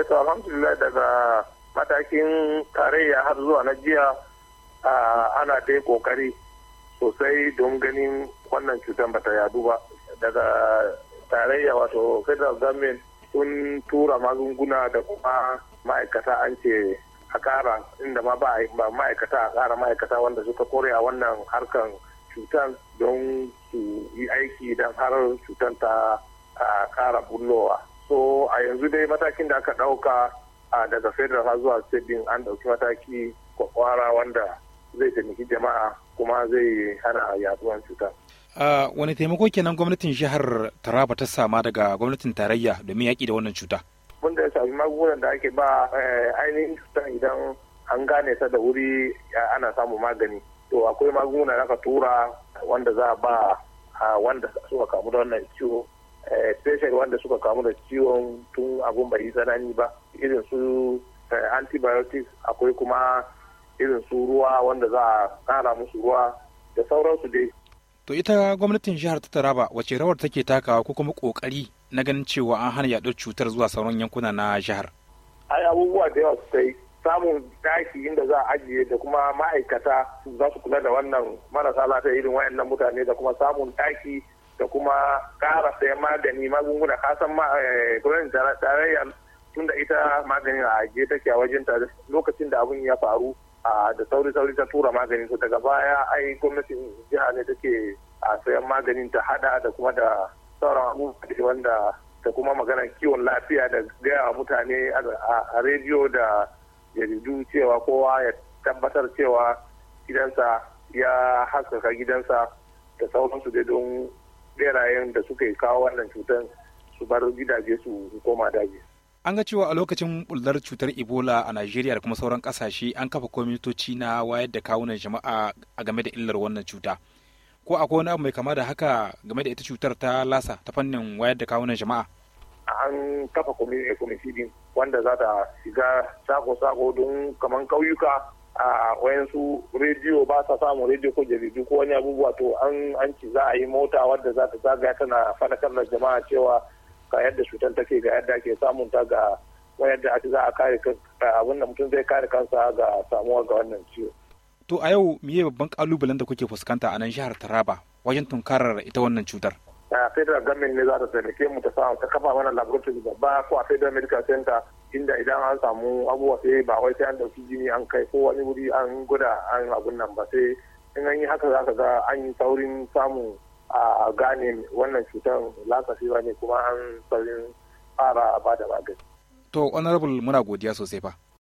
Eh, to alhamdulillah daga matakin tarayya har zuwa na jiya ana dai kokari sosai don ganin wannan cutar bata yadu ba daga tarayya wato federal government sun tura magunguna da kuma ma'aikata an ce a kara inda ma ba ma'aikata a kara ma'aikata wanda suka kore a wannan harkan cutar don su yi aiki don har cutar ta kara bullowa yanzu dai matakin da aka ɗauka daga federal har zuwa state an ɗauki mataki kwakwara wanda zai taimaki jama'a kuma zai hana yaduwar cuta. wani taimako kenan gwamnatin jihar taraba ta sama daga gwamnatin tarayya domin yaƙi da wannan cuta. mun da ya sami magungunan da ake ba eh, ainihin cutar idan an gane ta da wuri ana samun magani to akwai magunguna da aka tura wanda za a ba wanda suka kamu da wannan ciwo especially wanda suka kamu da ciwon tun abun bai tsanani ba irin su eh, antibiotics akwai kuma irin su ruwa wanda za a kara musu ruwa da sauransu dai to ita gwamnatin jihar ta taraba wace rawar take takawa ko kuma kokari na ganin cewa an hana yaɗuwar cutar zuwa sauran yankuna na jihar ai abubuwa da yawa sosai samun daki inda za a ajiye da kuma ma'aikata za su kula da wannan marasa lafiya irin wayannan mutane da kuma samun daki da kuma ƙara sayan magani magunguna kasan ma eh, tarayyar tun da ita maganin a ajiye take a wajen ta lokacin da abin ya faru da sauri sauri ta tura maganin su daga baya ai gwamnatin jiha ne take a sayan maganin ta hada da kuma da sauran abubuwa wanda da kuma maganar kiwon lafiya da gaya mutane a rediyo da jaridu cewa kowa ya tabbatar cewa gidansa ya haskaka gidansa da sauransu da don berayen da suka yi kawo wannan cutar su bar gidaje su koma daji an ga cewa a lokacin bullar cutar ebola a najeriya da kuma sauran kasashe an kafa kwamitoci na wayar da kawunan jama'a a game da illar wannan cuta ko akwai wani abu mai kama da haka game da ita cutar ta lasa ta fannin wayar da kawunan jama'a an kafa kwamiti wanda za ta shiga sako-sako don kaman ƙauyuka. a wayansu rediyo ba sa samun rediyo ko jaridu ko wani abubuwa to an an ci za a yi mota wadda za ta zagaya tana faɗakar da jama'a cewa ga yadda cutar take ga yadda ake samun ta ga yadda ake za a kare abin da mutum zai kare kansa ga samuwa ga wannan ciwo. To a yau miye babban kalubalen da kuke fuskanta a nan jihar Taraba wajen tunkarar ita wannan cutar? federal government ne za ta taimake mu ta samu ta kafa mana laboratory babba ko a federal medical center inda idan an samu abubuwa sai ba wai sai an ɗauki jini an kai ko wani wuri an gwada an abun nan ba sai in an yi haka za ka ga an yi saurin samu a gane wannan cutar ba ne kuma an saurin fara ba da magani. To, Honorable muna godiya sosai fa.